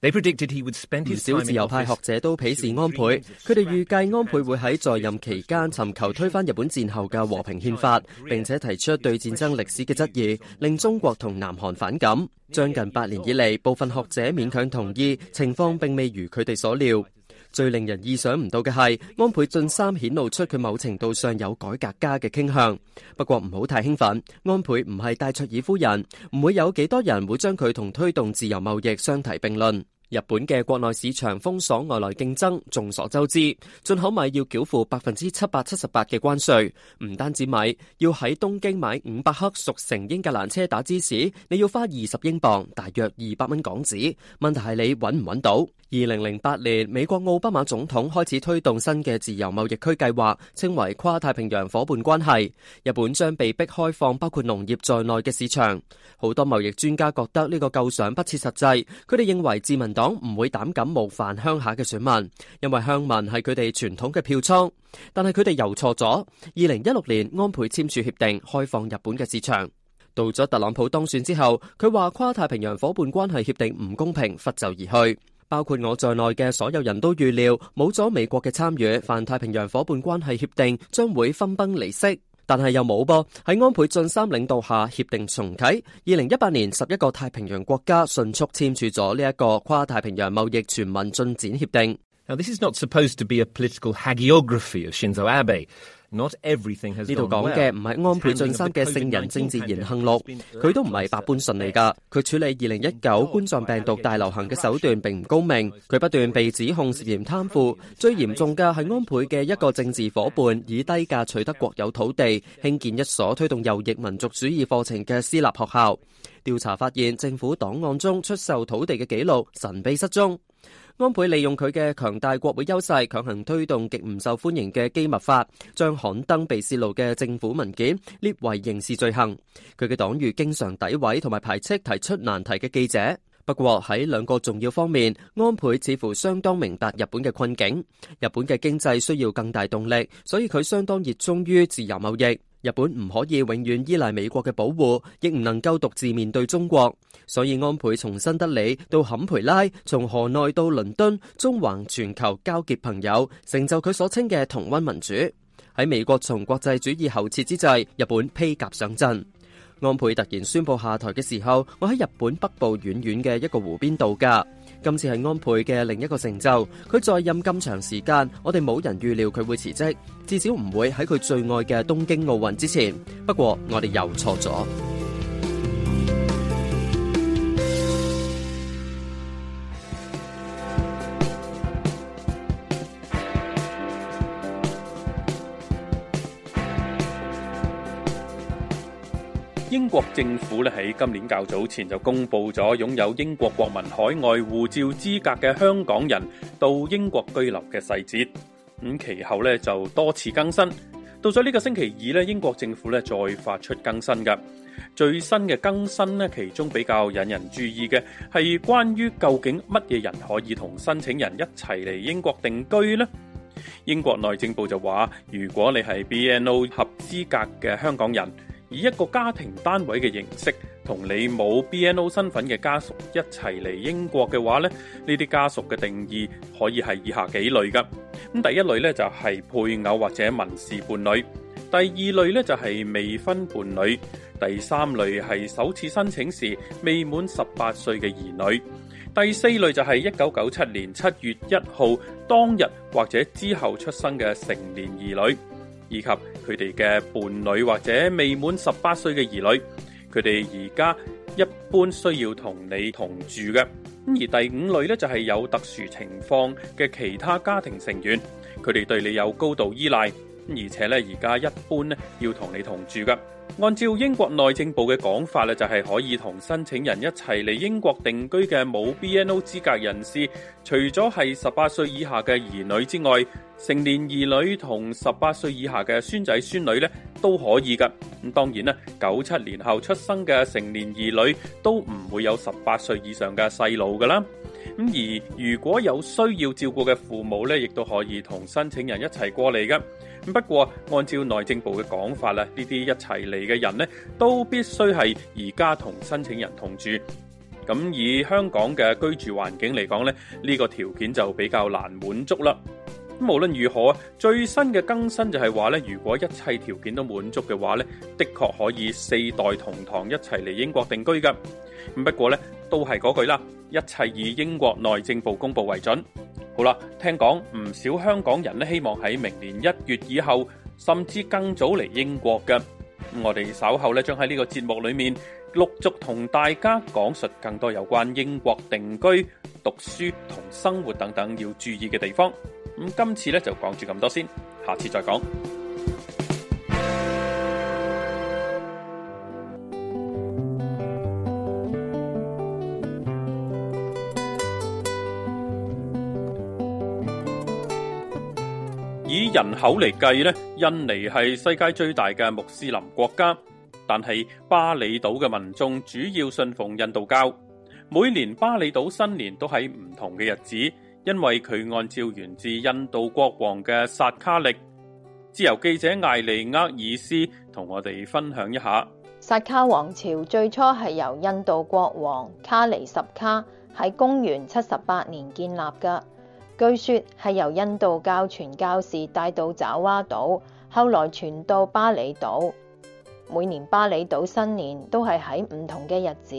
唔少自由派學者都鄙視安倍，佢哋預計安倍會喺在，在任期間尋求推翻日本戰後嘅和平憲法，並且提出對戰爭歷史嘅質疑，令中國同南韓反感。將近八年以嚟，部分學者勉強同意情況並未如佢哋所料。最令人意想唔到嘅係，安倍晉三顯露出佢某程度上有改革家嘅傾向。不過唔好太興奮，安倍唔係戴卓爾夫人，唔會有幾多人會將佢同推動自由貿易相提並論。日本嘅國內市場封鎖外來競爭，眾所周知，進口米要繳付百分之七百七十八嘅關稅。唔單止米，要喺東京買五百克熟成英格蘭車打芝士，你要花二十英鎊，大約二百蚊港紙。問題係你揾唔揾到？二零零八年，美國奧巴馬總統開始推動新嘅自由貿易區計劃，稱為跨太平洋夥伴關係。日本將被迫開放包括農業在內嘅市場。好多貿易專家覺得呢個構想不切實際。佢哋認為自民黨唔會膽敢冒犯鄉下嘅選民，因為鄉民係佢哋傳統嘅票倉。但係佢哋游錯咗。二零一六年，安倍簽署協定開放日本嘅市場。到咗特朗普當選之後，佢話跨太平洋夥伴關係協定唔公平，拂袖而去。包括我在內嘅所有人都預料，冇咗美國嘅參與，泛太平洋伙伴關係協定將會分崩離析。但係又冇噃，喺安倍晉三領導下，協定重啟。二零一八年，十一個太平洋國家迅速簽署咗呢一個跨太平洋貿易全民進展協定。Now, this is not supposed to be a political 呢度講嘅唔係安倍晉三嘅聖人政治言行錄，佢都唔係百般順利噶。佢處理2019冠狀病毒大流行嘅手段並唔高明，佢不斷被指控涉嫌貪腐。最嚴重嘅係安倍嘅一個政治夥伴以低價取得國有土地，興建一所推動右翼民族主義課程嘅私立學校。調查發現政府檔案中出售土地嘅記錄神秘失蹤。安倍利用佢嘅強大國會優勢，強行推動極唔受歡迎嘅機密法，將刊登被洩露嘅政府文件列為刑事罪行。佢嘅黨羽經常詆毀同埋排斥提出難題嘅記者。不過喺兩個重要方面，安倍似乎相當明白日本嘅困境。日本嘅經濟需要更大動力，所以佢相當熱衷於自由貿易。日本唔可以永遠依賴美國嘅保護，亦唔能夠獨自面對中國。所以安倍從新德里到坎培拉，從河內到倫敦，縱橫全球交結朋友，成就佢所稱嘅同温民主。喺美國從國際主義後撤之際，日本披甲上陣。安倍突然宣布下台嘅時候，我喺日本北部遠遠嘅一個湖邊度假。今次係安倍嘅另一個成就，佢在任咁長時間，我哋冇人預料佢會辭職，至少唔會喺佢最愛嘅東京奧運之前。不過我哋又錯咗。英國政府咧喺今年較早前就公布咗擁有英國國民海外護照資格嘅香港人到英國居留嘅細節，咁其後咧就多次更新，到咗呢個星期二咧，英國政府咧再發出更新嘅最新嘅更新咧，其中比較引人注意嘅係關於究竟乜嘢人可以同申請人一齊嚟英國定居呢？英國內政部就話，如果你係 BNO 合資格嘅香港人。以一個家庭單位嘅形式，同你冇 BNO 身份嘅家屬一齊嚟英國嘅話咧，呢啲家屬嘅定義可以係以下幾類嘅。咁第一類咧就係配偶或者民事伴侶，第二類咧就係未婚伴侶，第三類係首次申請時未滿十八歲嘅兒女，第四類就係一九九七年七月一號當日或者之後出生嘅成年兒女，以及，佢哋嘅伴侶或者未滿十八歲嘅兒女，佢哋而家一般需要同你同住㗎。而第五類咧就係有特殊情況嘅其他家庭成員，佢哋對你有高度依賴，而且咧而家一般咧要同你同住㗎。按照英國內政部嘅講法咧，就係可以同申請人一齊嚟英國定居嘅冇 BNO 資格人士，除咗係十八歲以下嘅兒女之外，成年兒女同十八歲以下嘅孫仔孫女咧都可以噶。咁當然啦，九七年後出生嘅成年兒女都唔會有十八歲以上嘅細路噶啦。咁而如果有需要照顧嘅父母咧，亦都可以同申請人一齊過嚟噶。不過，按照內政部嘅講法咧，呢啲一齊嚟嘅人咧，都必須係而家同申請人同住。咁、嗯、以香港嘅居住環境嚟講咧，呢、呢個條件就比較難滿足啦。咁無論如何，最新嘅更新就係話咧，如果一切條件都滿足嘅話咧，的確可以四代同堂一齊嚟英國定居噶。不過咧，都係嗰句啦，一切以英國內政部公布為準。好啦，聽講唔少香港人咧，希望喺明年一月以後，甚至更早嚟英國噶。我哋稍後咧，將喺呢個節目裏面陸續同大家講述更多有關英國定居、讀書同生活等等要注意嘅地方。咁今次咧就講住咁多先，下次再講。以人口嚟計呢，印尼係世界最大嘅穆斯林國家，但係巴厘島嘅民眾主要信奉印度教。每年巴厘島新年都喺唔同嘅日子。因為佢按照源自印度國王嘅薩卡曆，自由記者艾利厄爾斯同我哋分享一下。薩卡王朝最初係由印度國王卡尼什卡喺公元七十八年建立嘅。據說係由印度教傳教士帶到爪哇島，後來傳到巴厘島。每年巴厘島新年都係喺唔同嘅日子，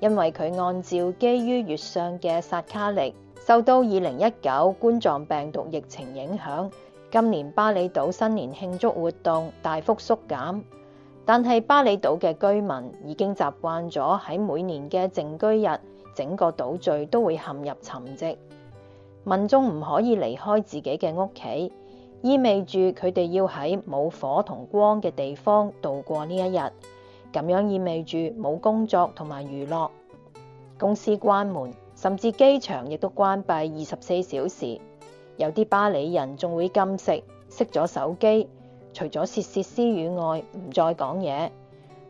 因為佢按照基於月相嘅薩卡曆。受到二零一九冠狀病毒疫情影響，今年峇里島新年慶祝活動大幅縮減。但係峇里島嘅居民已經習慣咗喺每年嘅靜居日，整個島嶼都會陷入沉寂，民眾唔可以離開自己嘅屋企，意味住佢哋要喺冇火同光嘅地方度過呢一日。咁樣意味住冇工作同埋娛樂，公司關門。甚至機場亦都關閉二十四小時，有啲峇里人仲會禁食，熄咗手機，除咗竊竊私語外，唔再講嘢。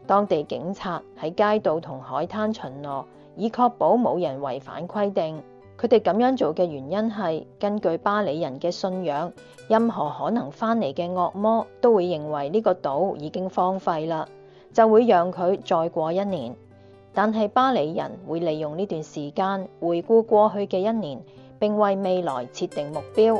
當地警察喺街道同海灘巡邏，以確保冇人違反規定。佢哋咁樣做嘅原因係，根據峇里人嘅信仰，任何可能翻嚟嘅惡魔都會認為呢個島已經荒廢啦，就會讓佢再過一年。但係，巴里人會利用呢段時間回顧過去嘅一年，並為未來設定目標。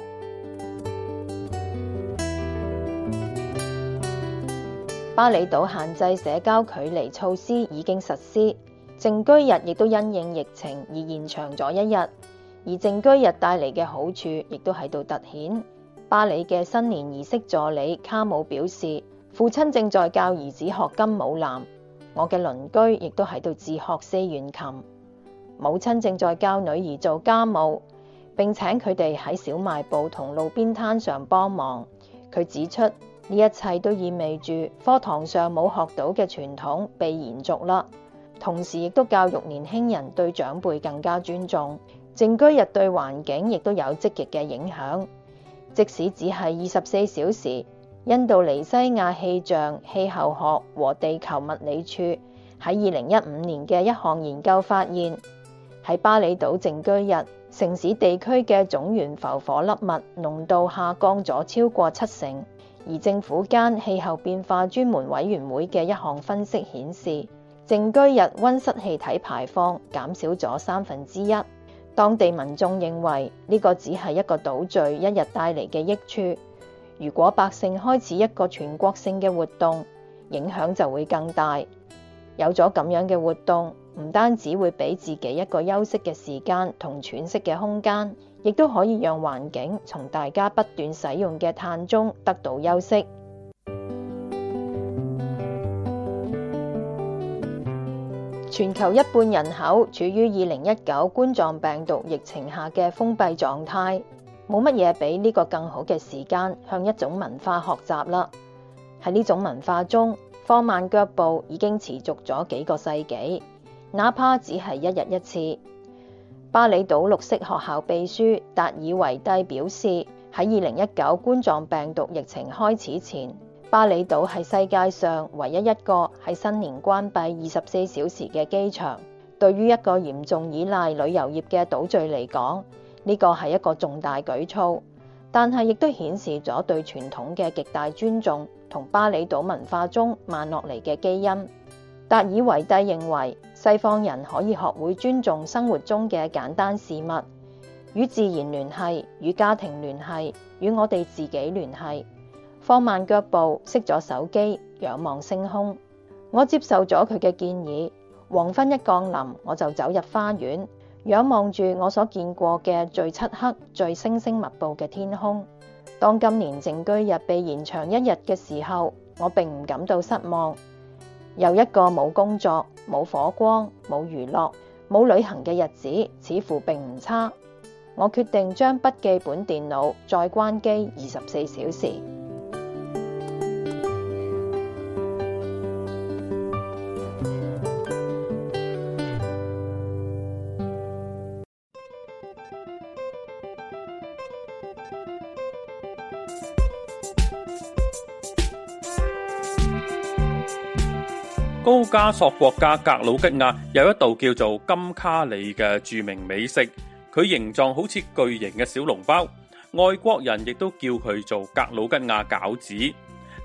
巴里島限制社交距離措施已經實施，靜居日亦都因應疫情而延長咗一日。而靜居日帶嚟嘅好處亦都喺度突顯。巴里嘅新年儀式助理卡姆表示，父親正在教兒子學金舞男。我嘅鄰居亦都喺度自學四弦琴，母親正在教女兒做家務，並請佢哋喺小賣部同路邊攤上幫忙。佢指出呢一切都意味住課堂上冇學到嘅傳統被延續啦，同時亦都教育年輕人對長輩更加尊重。靜居日對環境亦都有積極嘅影響，即使只係二十四小時。印度尼西亞氣象、氣候學和地球物理處喺二零一五年嘅一項研究發現，喺巴厘島靜居日，城市地區嘅總懸浮顆粒物濃度下降咗超過七成。而政府間氣候變化專門委員會嘅一項分析顯示，靜居日溫室氣體排放減少咗三分之一。當地民眾認為呢、這個只係一個島嶼一日帶嚟嘅益處。如果百姓開始一個全國性嘅活動，影響就會更大。有咗咁樣嘅活動，唔單止會畀自己一個休息嘅時間同喘息嘅空間，亦都可以讓環境從大家不斷使用嘅碳中得到休息。全球一半人口處於二零一九冠狀病毒疫情下嘅封閉狀態。冇乜嘢比呢個更好嘅時間向一種文化學習啦。喺呢種文化中，放慢腳步已經持續咗幾個世紀，哪怕只係一日一次。巴厘島綠色學校秘書達爾維低表示，喺二零一九冠狀病毒疫情開始前，巴厘島係世界上唯一一個喺新年關閉二十四小時嘅機場。對於一個嚴重依賴旅遊業嘅島嶼嚟講，呢個係一個重大舉措，但係亦都顯示咗對傳統嘅極大尊重同巴厘島文化中慢落嚟嘅基因。達爾維蒂認為西方人可以學會尊重生活中嘅簡單事物，與自然聯繫，與家庭聯繫，與我哋自己聯繫，放慢腳步，熄咗手機，仰望星空。我接受咗佢嘅建議，黃昏一降臨，我就走入花園。仰望住我所見過嘅最漆黑、最星星密佈嘅天空。當今年靜居日被延長一日嘅時候，我並唔感到失望。又一個冇工作、冇火光、冇娛樂、冇旅行嘅日子，似乎並唔差。我決定將筆記本電腦再關機二十四小時。加索國家格魯吉亞有一道叫做金卡里嘅著名美食，佢形狀好似巨型嘅小籠包，外國人亦都叫佢做格魯吉亞餃子。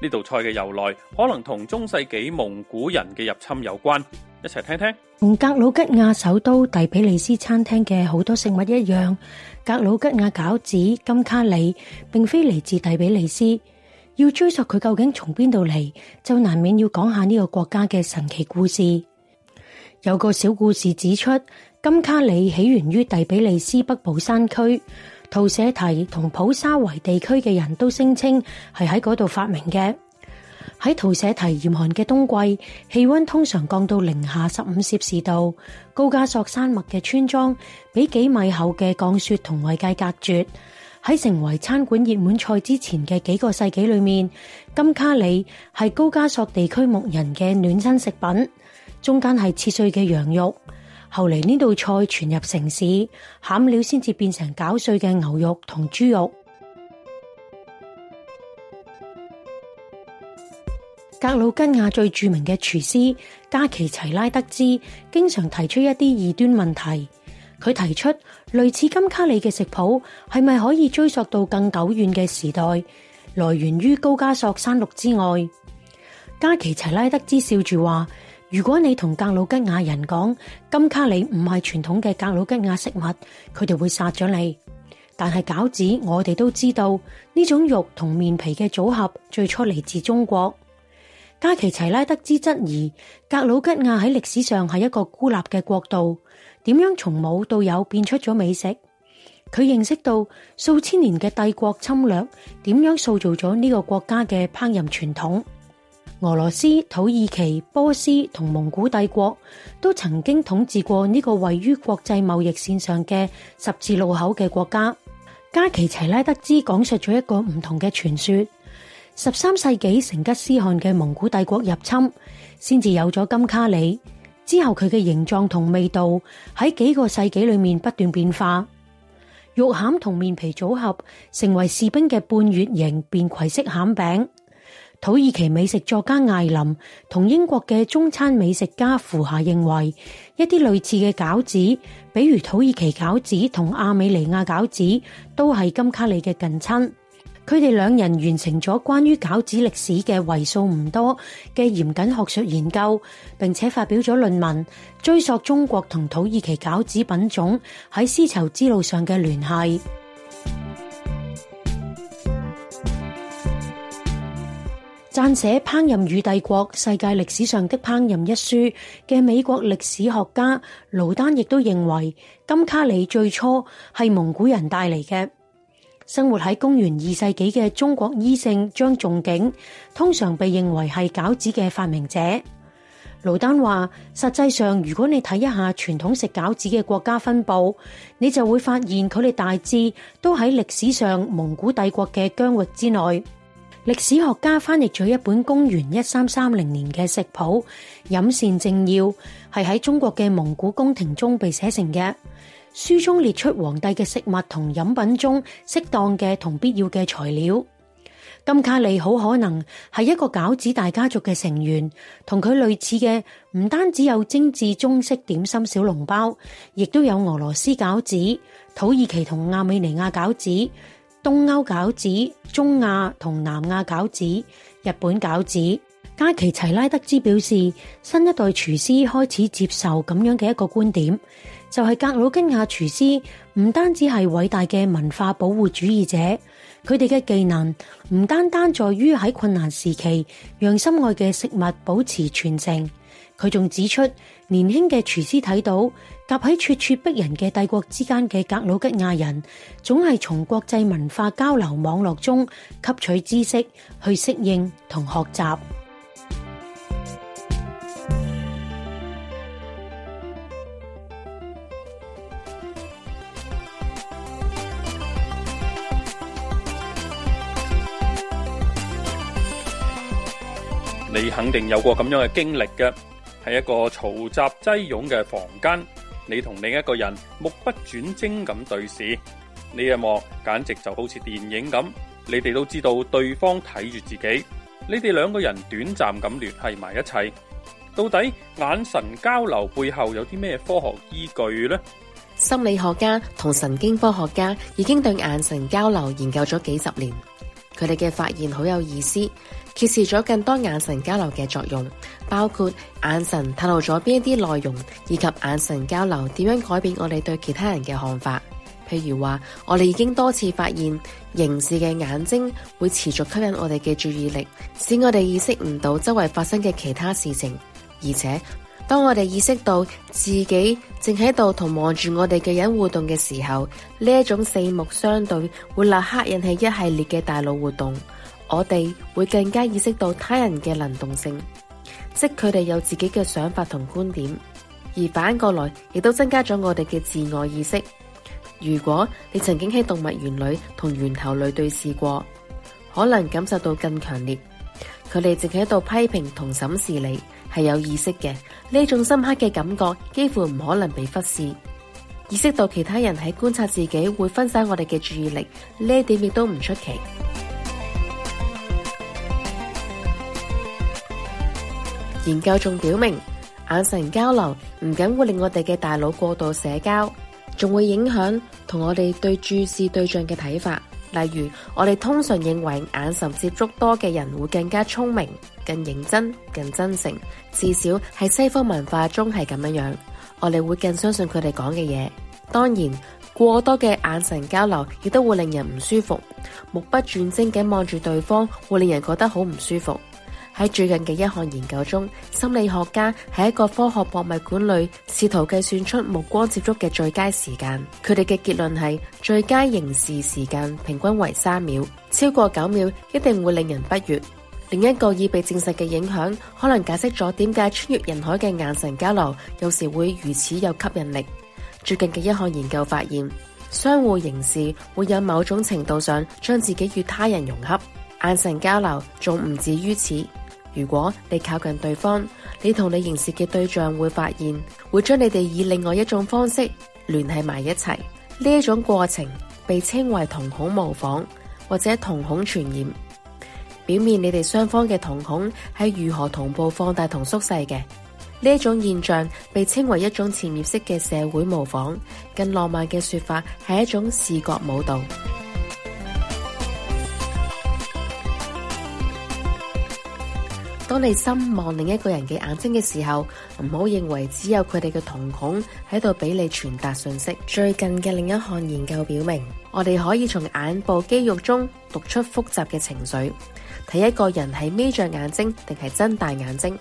呢道菜嘅由來可能同中世紀蒙古人嘅入侵有關，一齊聽聽。同格魯吉亞首都第比利斯餐廳嘅好多食物一樣，格魯吉亞餃子金卡里並非嚟自第比利斯。要追溯佢究竟從邊度嚟，就難免要講下呢個國家嘅神奇故事。有個小故事指出，金卡里起源於第比利斯北部山區，圖舍提同普沙維地區嘅人都聲稱係喺嗰度發明嘅。喺圖舍提嚴寒嘅冬季，氣溫通常降到零下十五攝氏度，高加索山脈嘅村莊俾幾米厚嘅降雪同外界隔絕。喺成為餐館熱門菜之前嘅幾個世紀裏面，金卡里係高加索地區牧人嘅暖身食品。中間係切碎嘅羊肉，後嚟，呢道菜傳入城市，餡料先至變成絞碎嘅牛肉同豬肉。格魯吉亞最著名嘅廚師加奇齊拉得知，經常提出一啲異端問題。佢提出類似金卡里嘅食譜係咪可以追溯到更久遠嘅時代，來源於高加索山麓之外。加奇齊拉德茲笑住話：如果你同格魯吉亞人講金卡里唔係傳統嘅格魯吉亞食物，佢哋會殺咗你。但係餃子，我哋都知道呢種肉同麵皮嘅組合最初嚟自中國。加奇齊拉德茲質疑格魯吉亞喺歷史上係一個孤立嘅國度。點樣從冇到有變出咗美食？佢認識到數千年嘅帝國侵略點樣塑造咗呢個國家嘅烹飪傳統。俄羅斯、土耳其、波斯同蒙古帝國都曾經統治過呢個位於國際貿易線上嘅十字路口嘅國家。加奇齊拉德茲講述咗一個唔同嘅傳說：十三世紀成吉思汗嘅蒙古帝國入侵，先至有咗金卡里。之後佢嘅形狀同味道喺幾個世紀裏面不斷變化，肉餡同麵皮組合成為士兵嘅半月形便攜式餡餅。土耳其美食作家艾琳同英國嘅中餐美食家扶霞認為，一啲類似嘅餃子，比如土耳其餃子同阿美尼亞餃子，都係金卡利嘅近親。佢哋兩人完成咗關於餃子歷史嘅為數唔多嘅嚴謹學術研究，並且發表咗論文，追溯中國同土耳其餃子品種喺絲綢之路上嘅聯繫。撰寫 *music* 《烹飪與帝國：世界歷史上的烹飪》一書嘅美國歷史學家盧丹亦都認為，金卡里最初係蒙古人帶嚟嘅。生活喺公元二世紀嘅中國醫聖張仲景，通常被認為係餃子嘅發明者。盧丹話：實際上，如果你睇一下傳統食餃子嘅國家分佈，你就會發現佢哋大致都喺歷史上蒙古帝國嘅疆域之內。歷史學家翻譯咗一本公元一三三零年嘅食譜《飲膳正要》，係喺中國嘅蒙古宮廷中被寫成嘅。書中列出皇帝嘅食物同飲品中適當嘅同必要嘅材料。金卡利好可能係一個餃子大家族嘅成員，同佢類似嘅唔單止有精緻中式點心小籠包，亦都有俄羅斯餃子、土耳其同亞美尼亞餃子、東歐餃子、中亞同南亞餃子、日本餃子。加其齊拉德茲表示，新一代廚師開始接受咁樣嘅一個觀點，就係格魯吉亞廚師唔單止係偉大嘅文化保護主義者，佢哋嘅技能唔單單在於喺困難時期讓心愛嘅食物保持純正。佢仲指出，年輕嘅廚師睇到夾喺咄咄逼人嘅帝國之間嘅格魯吉亞人，總係從國際文化交流網絡中吸取知識，去適應同學習。你肯定有過咁樣嘅經歷嘅，係一個嘈雜擠擁嘅房間，你同另一個人目不轉睛咁對視，呢一幕簡直就好似電影咁，你哋都知道對方睇住自己，你哋兩個人短暫咁聯繫埋一齊，到底眼神交流背後有啲咩科學依據呢？心理學家同神經科學家已經對眼神交流研究咗幾十年，佢哋嘅發現好有意思。揭示咗更多眼神交流嘅作用，包括眼神透露咗邊一啲內容，以及眼神交流點樣改變我哋對其他人嘅看法。譬如話，我哋已經多次發現凝視嘅眼睛會持續吸引我哋嘅注意力，使我哋意識唔到周圍發生嘅其他事情。而且，當我哋意識到自己正喺度同望住我哋嘅人互動嘅時候，呢一種四目相對會立刻引起一系列嘅大腦活動。我哋會更加意識到他人嘅能動性，即佢哋有自己嘅想法同觀點，而反過來亦都增加咗我哋嘅自我意識。如果你曾經喺動物園裏同猿猴類對視過，可能感受到更強烈。佢哋淨係喺度批評同審視你，係有意識嘅。呢種深刻嘅感覺幾乎唔可能被忽視。意識到其他人喺觀察自己，會分散我哋嘅注意力，呢一點亦都唔出奇。研究仲表明，眼神交流唔僅會令我哋嘅大腦過度社交，仲會影響同我哋對注視對象嘅睇法。例如，我哋通常認為眼神接觸多嘅人會更加聰明、更認真、更真誠。至少喺西方文化中係咁樣樣，我哋會更相信佢哋講嘅嘢。當然，過多嘅眼神交流亦都會令人唔舒服。目不轉睛咁望住對方，會令人覺得好唔舒服。喺最近嘅一項研究中，心理學家喺一個科學博物館裏試圖計算出目光接觸嘅最佳時間。佢哋嘅結論係最佳凝視時間平均為三秒，超過九秒一定會令人不悅。另一個已被證實嘅影響，可能解釋咗點解穿越人海嘅眼神交流有時會如此有吸引力。最近嘅一項研究發現，相互凝視會有某種程度上將自己與他人融合。眼神交流仲唔止於此。如果你靠近對方，你同你凝視嘅對象會發現，會將你哋以另外一種方式聯繫埋一齊。呢一種過程被稱為瞳孔模仿或者瞳孔傳染。表面你哋雙方嘅瞳孔係如何同步放大同縮細嘅。呢一種現象，被稱為一種潛意識嘅社會模仿。更浪漫嘅說法係一種視覺舞蹈。當你深望另一個人嘅眼睛嘅時候，唔好認為只有佢哋嘅瞳孔喺度俾你傳達信息。最近嘅另一項研究表明，我哋可以從眼部肌肉中讀出複雜嘅情緒。睇一個人係眯着眼睛定係睜大眼睛？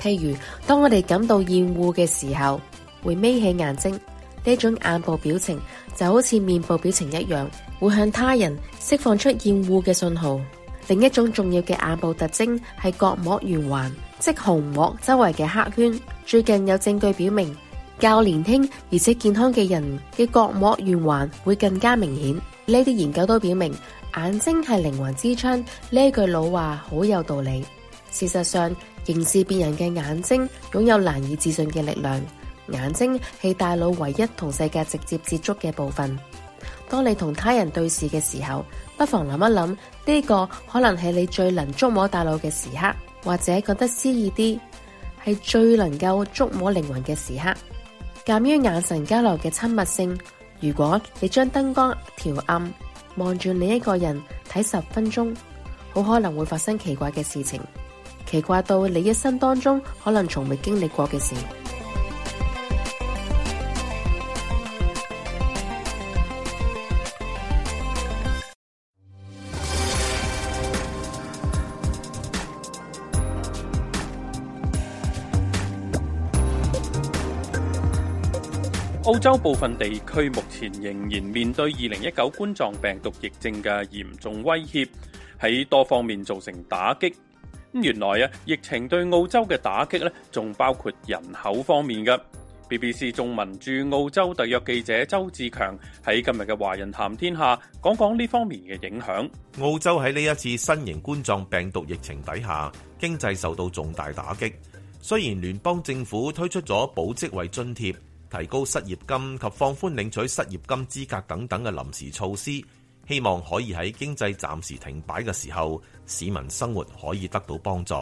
譬如當我哋感到厭惡嘅時候，會眯起眼睛。呢種眼部表情就好似面部表情一樣，會向他人釋放出厭惡嘅信號。另一種重要嘅眼部特徵係角膜圓環，即虹膜周圍嘅黑圈。最近有證據表明，較年輕而且健康嘅人嘅角膜圓環會更加明顯。呢啲研究都表明，眼睛係靈魂之窗。呢句老話好有道理。事實上，凝視別人嘅眼睛，擁有難以置信嘅力量。眼睛係大腦唯一同世界直接接觸嘅部分。當你同他人對視嘅時候，不妨諗一諗，呢個可能係你最能觸摸大腦嘅時刻，或者覺得詩意啲，係最能夠觸摸靈魂嘅時刻。鑒於眼神交流嘅親密性，如果你將燈光調暗，望住你一個人睇十分鐘，好可能會發生奇怪嘅事情，奇怪到你一生當中可能從未經歷過嘅事。澳洲部分地區目前仍然面對二零一九冠狀病毒疫症嘅嚴重威脅，喺多方面造成打擊。原來啊，疫情對澳洲嘅打擊咧，仲包括人口方面嘅。BBC 中文駐澳洲特約記者周志強喺今日嘅《華人談天下》講講呢方面嘅影響。澳洲喺呢一次新型冠狀病毒疫情底下，經濟受到重大打擊。雖然聯邦政府推出咗保職位津貼。提高失業金及放寬領取失業金資格等等嘅臨時措施，希望可以喺經濟暫時停擺嘅時候，市民生活可以得到幫助。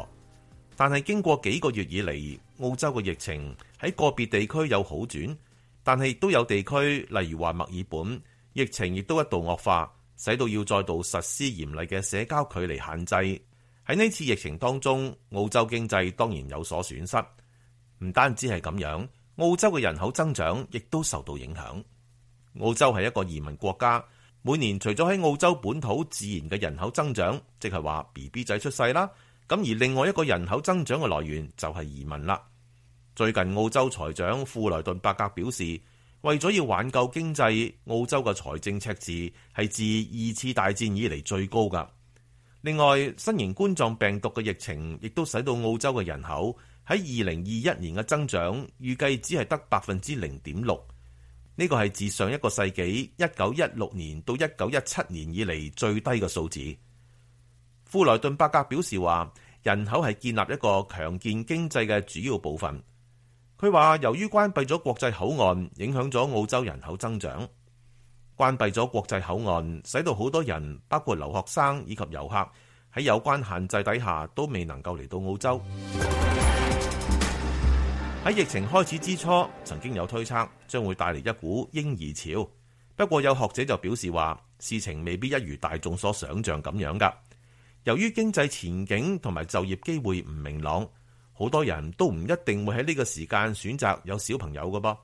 但係經過幾個月以嚟，澳洲嘅疫情喺個別地區有好轉，但係亦都有地區，例如話墨爾本，疫情亦都一度惡化，使到要再度實施嚴厲嘅社交距離限制。喺呢次疫情當中，澳洲經濟當然有所損失，唔單止係咁樣。澳洲嘅人口增長亦都受到影響。澳洲係一個移民國家，每年除咗喺澳洲本土自然嘅人口增長，即係話 BB 仔出世啦，咁而另外一個人口增長嘅來源就係移民啦。最近澳洲財長富萊頓伯格表示，為咗要挽救經濟，澳洲嘅財政赤字係自二次大戰以嚟最高㗎。另外，新型冠狀病毒嘅疫情亦都使到澳洲嘅人口喺二零二一年嘅增長預計只係得百分之零點六，呢個係自上一個世紀一九一六年到一九一七年以嚟最低嘅數字。富萊頓伯格表示話，人口係建立一個強健經濟嘅主要部分。佢話由於關閉咗國際口岸，影響咗澳洲人口增長。關閉咗國際口岸，使到好多人，包括留學生以及遊客喺有關限制底下都未能夠嚟到澳洲。喺疫情開始之初，曾經有推測將會帶嚟一股嬰兒潮。不過有學者就表示話，事情未必一如大眾所想像咁樣㗎。由於經濟前景同埋就業機會唔明朗，好多人都唔一定會喺呢個時間選擇有小朋友㗎噃。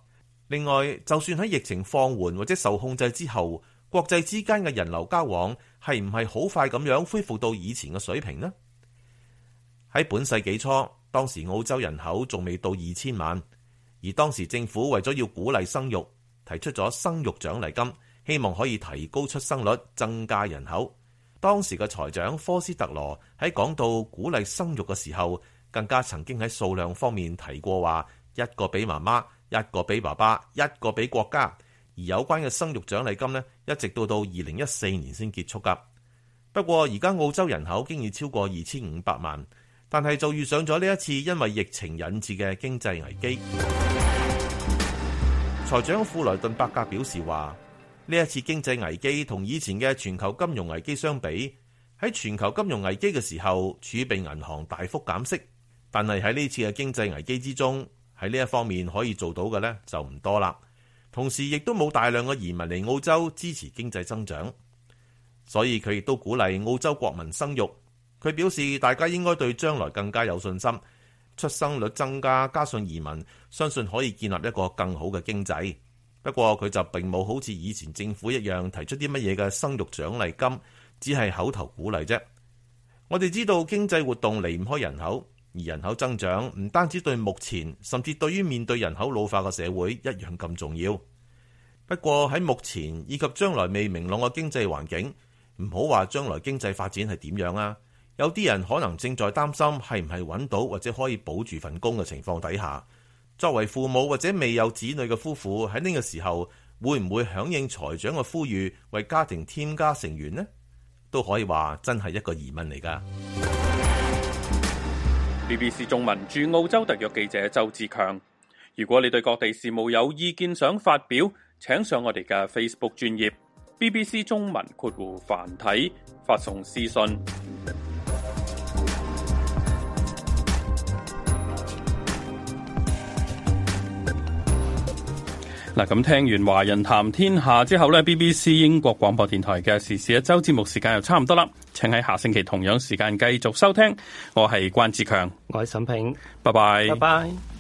另外，就算喺疫情放緩或者受控制之後，國際之間嘅人流交往係唔係好快咁樣恢復到以前嘅水平呢？喺本世紀初，當時澳洲人口仲未到二千萬，而當時政府為咗要鼓勵生育，提出咗生育獎勵金，希望可以提高出生率，增加人口。當時嘅財長科斯特羅喺講到鼓勵生育嘅時候，更加曾經喺數量方面提過話：一個俾媽媽，一個俾爸爸，一個俾國家。而有關嘅生育獎勵金呢，一直到到二零一四年先結束噶。不過而家澳洲人口經已超過二千五百萬。但係就遇上咗呢一次因為疫情引致嘅經濟危機。財長富萊頓伯格表示話，呢一次經濟危機同以前嘅全球金融危機相比，喺全球金融危機嘅時候，儲備銀行大幅減息，但係喺呢次嘅經濟危機之中，喺呢一方面可以做到嘅呢，就唔多啦。同時亦都冇大量嘅移民嚟澳洲支持經濟增長，所以佢亦都鼓勵澳洲國民生育。佢表示，大家應該對將來更加有信心，出生率增加，加上移民，相信可以建立一個更好嘅經濟。不過佢就並冇好似以前政府一樣提出啲乜嘢嘅生育獎勵金，只係口頭鼓勵啫。我哋知道經濟活動離唔開人口，而人口增長唔單止對目前，甚至對於面對人口老化嘅社會一樣咁重要。不過喺目前以及將來未明朗嘅經濟環境，唔好話將來經濟發展係點樣啊。有啲人可能正在擔心係唔係揾到或者可以保住份工嘅情況底下，作為父母或者未有子女嘅夫婦喺呢個時候會唔會響應財長嘅呼籲，為家庭添加成員呢？都可以話真係一個疑問嚟噶。BBC 中文駐澳洲特約記者周志強，如果你對各地事務有意見想發表，請上我哋嘅 Facebook 專頁。BBC 中文括弧繁體，發送私信。嗱，咁聽完華人談天下之後呢，BBC 英國廣播電台嘅時事一周節目時間又差唔多啦，請喺下星期同樣時間繼續收聽。我係關志強，我係沈平，拜拜 bye，拜拜。